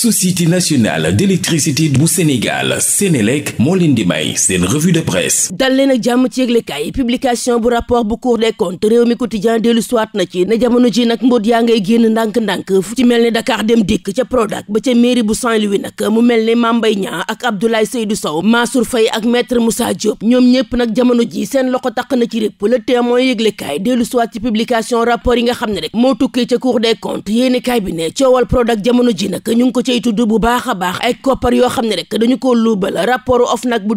société nationale d'électricité bu Sénégal Sénélec moo leen di may seen revue de presse dal leen ak jàmm ci yëglekaay publication bu rapport bu Cour des comptes réew mi quotidien dellu soit na ci ne jamono ji nag mbóot yaa ngay génn ndànk-ndànk fu ci mel ne Dakar dem dikk ca Prodac ba ca mairie bu Saint-Louis mu mel ne Mame Mbaye Niang ak Abdoulaye Seydou Sow Mansour Faye ak maître Moussa Diop ñoom ñëpp nag jamono ji seen loxo taq na ci répp le témoin yëglekaay dellu soit ci publication moo tukkee ca cay tudd bu baax a baax ay koppar yoo xam ne rek dañu ko luubal rapport OFNAC nag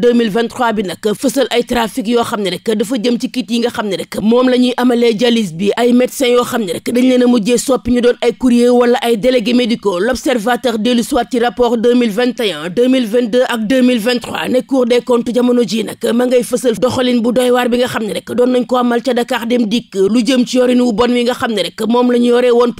fësal ay trafic yoo xam bi nag fësal doxalin bu doy xam ne rek doon jëm ci yorin wu bon wi nga xam ne rek moom la ñu yoree woon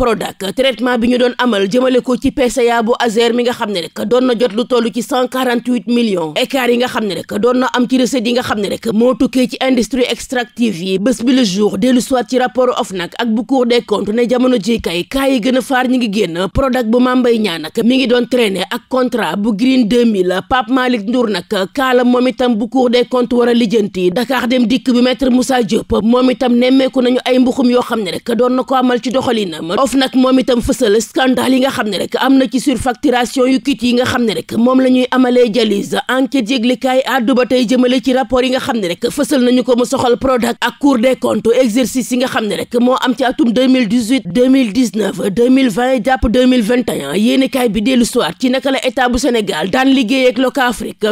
traitement bi ñu doon amal jëmale ko ci PCA bu ASER mi nga xam ne rek doon na jot lu toll ci cent quarante huit millions écart yi nga xam ne rek doon na am ci recette yi nga xam ne rek moo tukkee ci industrie extractive yi bés bi le jour dellu soit ci rapport OFNAC ak bu Cour des comptes ne jamono ji kay yi gën a faar ñi ngi génn Prodac bu Mambay ñaa nag mi ngi doon traîner ak contrat bu Green 2000 Pape Malick Ndour nag kaala moom itam bu Cour des comptes war a lijjanti dem dikk bi maître Moussa Diop moom yoo xam ne rek doon na ko amal ci doxalinam OFNAC moom yi nga facturation yi nga xam ne rek moom la ñuy amalee dialyse enquête yëglikaay ci rapport yi nga xam ne rek ko mu soxal Prodac ak Cour yi nga xam ne moo am ci atum 2018 2019 2020 jàpp 2021 yéenekaay bi dellu soir ci naka la état bu Sénégal daan liggéey ak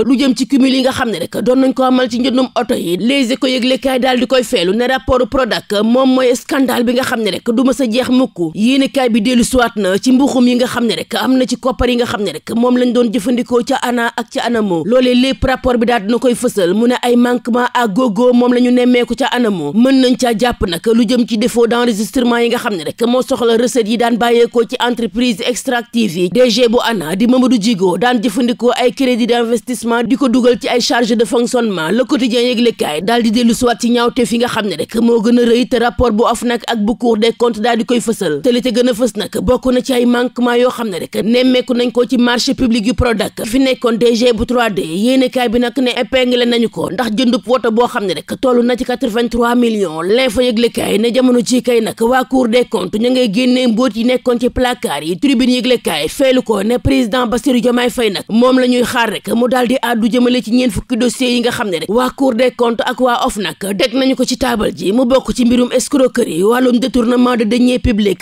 lu jëm ci cumul yi nga xam ne rek doon nañ ko amal ci njëndum oto yi les éco yëglekaay daal koy feelu ne rapport Prodac moom mooy scandale bi nga xam ne rek du ma sa jeex mukk yéenekaay bi dellu soir na ci mbuxum yi nga xam ne rek am na ci ko koppar yi nga xam ne rek moom lañ doon jëfandikoo ca ana ak ca anamo loolee lépp rapport bi daal koy fësal mu ne ay manquement à gogo moom la ñu nemmeeku ca anamo mën nañ caa jàpp nag lu jëm ci défaut d'enregistrement yi nga xam ne rek moo soxla recettes yi daan bàyyeekoo ci entreprise extractive yi DG bu ana di Mamadou Djigo daan jëfandikoo ay crédit d'investissement di ko dugal ci ay charges de fonctionnement le quotidien yëglekaay daal di dellu siwaat ci ñaawteef moo gën a rëy te rapport bu OFNAC ak bu Cour des comptes koy fësal te li te gën a fës nag bokk na ci ay manquement yoo xam ne rek nemmeeku nañ ko ci marché public yu Prodac fi nekkoon DG bu 3D yéenekaay bi nag ne épingle nañu ko ndax jënd woto boo xam ne rek toll na ci 83 millions l'info yëglekaay ne jamono ci kay nak waa Cour des comptes ñu ngay génnee mbóot yi nekkoon ci placard yi tribune yëglekaay feelu ko ne président Bassirou Diomaye Faye nag moom la ñuy xaar rek mu daal di àddu jëmale ci ñeen fukki dossiers yi nga xam ne rek waa Cour des comptes ak waa OFNAC teg ko ci taabal ji mu bokk ci mbirum escroquerie wàllum détournement de deniers publics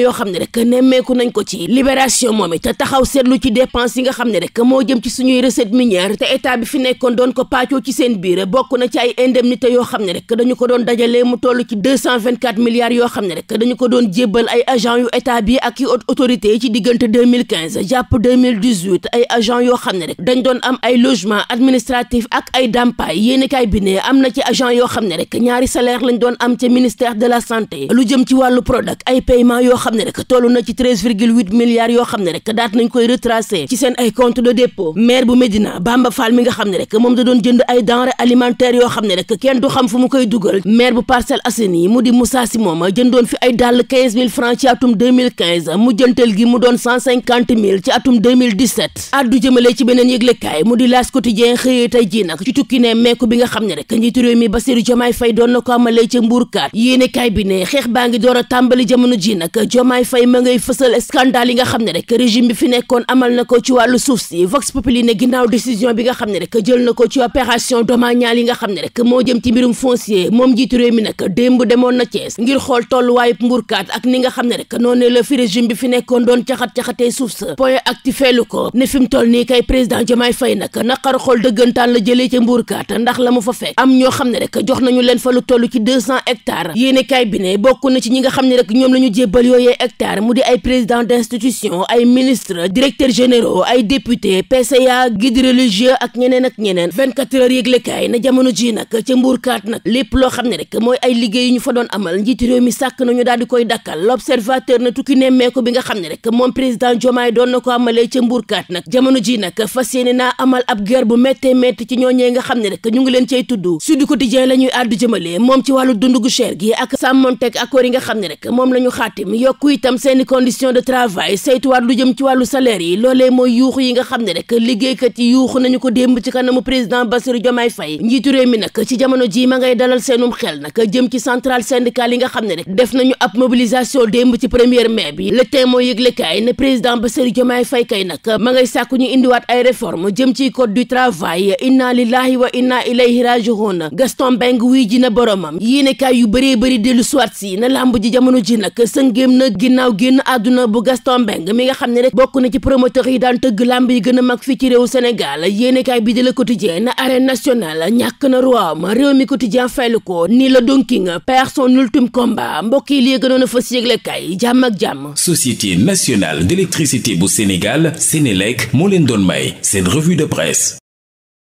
yoo xam rek nemmeeku nañ ko ci libération moom it taxaw seetlu ci dépense yi nga xam ne rek moo jëm ci suñuy recette minière état bi fi nekkoon doon ko paccoo ci seen biir bokk na ci ay indemnité yoo xam ne rek dañu ko doon dajalee mu toll ci deux cent vingt quatre milliards yoo xam ne rek dañu ko doon jébbal ay agent yu état bi ak yu autorité ci diggante deux mille quinze jàpp deux mille dix huit ay agent yoo xam ne dañ doon am ay logement administratif ak ay dàmpaay yéenekaay bi ne am na ci agents yoo xam ne rek ñaari salaire lañ doon am ca ministère de la santé lu jëm ci wàllu Prodac ay paiement yoo xam ne rek toll na ci treize virgule huit milliards yoo xam ne rek daat nañ koy retracé ci seen ay compte de dépôt maire bu Médina Bamba Fall mi nga xam ne rek moom da doon jënd ay denrées alimentaires yoo xam ne rek kenn du xam fu mu koy dugal maire bu Parcelles Assainies mu di Moussa Sy moom jëndoon fi ay dàll quinze mille francs ci atum deux mille quinze mu jëntal gi mu doon cent cinquante mille ci atum deux mille dix sept addu jëmale ci beneen yëglekaay mu di L'As Quotidien xëyee tey jii ci tukki ne meeku bi nga xam ne rek njiitu réew mi Bassirou Diomaye Faye ngi door a jamono ji nag Diomaye yi ma ngay fësal scandale yi nga xam ne rek régime bi fi nekkoon amal na ko ci wàllu suuf si Vox Populi ne ginnaaw décision bi nga xam ne rek jël na ko ci opération domaniale yi nga moo jëm ci mbirum foncier moom jiitu réew mi nag démb demoon na Thiès ngir xool tolluwaayu mbuurkaat ak ni nga xam ne rek noonu la fi régime bi fi nekkoon doon caxat-caxatee suuf sa point actifeelu ko ne mu toll nii kay président Diomaye Faye nag naqar xool dëggantaan la jëlee ca mbuurkaat ndax la mu fa am ñoo xam ne rek jox nañu leen fa lu toll ci deux cent hectares ne bokk na ci ñi nga xam ne rek ñoom la ñu jébbal yooyee hectare Dakar mu di ay président d' institution ay ministre directeur généraux ay député PCA guide religieux ak ñeneen ak ñeneen vingt 24 heures yëglekaay na jamono ji nag ca mbuurkaat nag lépp loo xam ne rek mooy ay liggéey ñu fa doon amal njiitu mi sàkk nañu daal di koy dakkal l' observateur na tukki nemmeeku bi nga xam ne rek moom président Diomaye doon na ko amalee ca mbuurkaat nag jamono ji nag fas yéene naa amal ab guerre bu méttee métti ci ñooñee nga xam ne rek ñu ngi leen cay tudd Sud Quotidien la ñuy àddu jëmale moom ci wàllu dund gu cher gi ak sàmmonteeg accord yi nga xam ne rek moom la ñu xaatim yokku seeni condition de travail saytuwaat lu jëm ci wàllu salaire yi loolee mooy yuuxu yi nga xam ne rek liggéeykat yi yuuxu nañu ko démb ci kanamu président Bassirou Diomaye fay njiitu réew mi nag ci jamono ji ma ngay dalal seenum xel nag jëm ci centrale syndicale yi nga xam ne rek def nañu ab mobilisation démb ci premier mai bi le mooy moo yëglekaay ne président Bassirou Diomaye fay kay nag ma ngay sàkku ñu indiwaat ay réforme jëm ci code du travail inna lillahi wa inna ilayhi raji'un Gaston Mbengue wuy ji na boromam yéene kaay yu bëree bëri dellu soit si na làmb ji jamono ji nag sëngéem ginnaaw génn àdduna bu Gaston Mbengue mi nga xam ne rek bokk na ci promoteur yi daan tëgg làmb yi gën a mag fii ci réew Sénégal yéenekaay bi di Le Quotidien na arène nationale ñàkk na roam réew mi quotidien faylu ko nii la Donking perd son ultime combat mbokk yi lii gënoon a fas yëglekaay jàmm ak jàmm société nationale d'électricité bu Sénégal Sénélec moo leen doon may seen revue de presse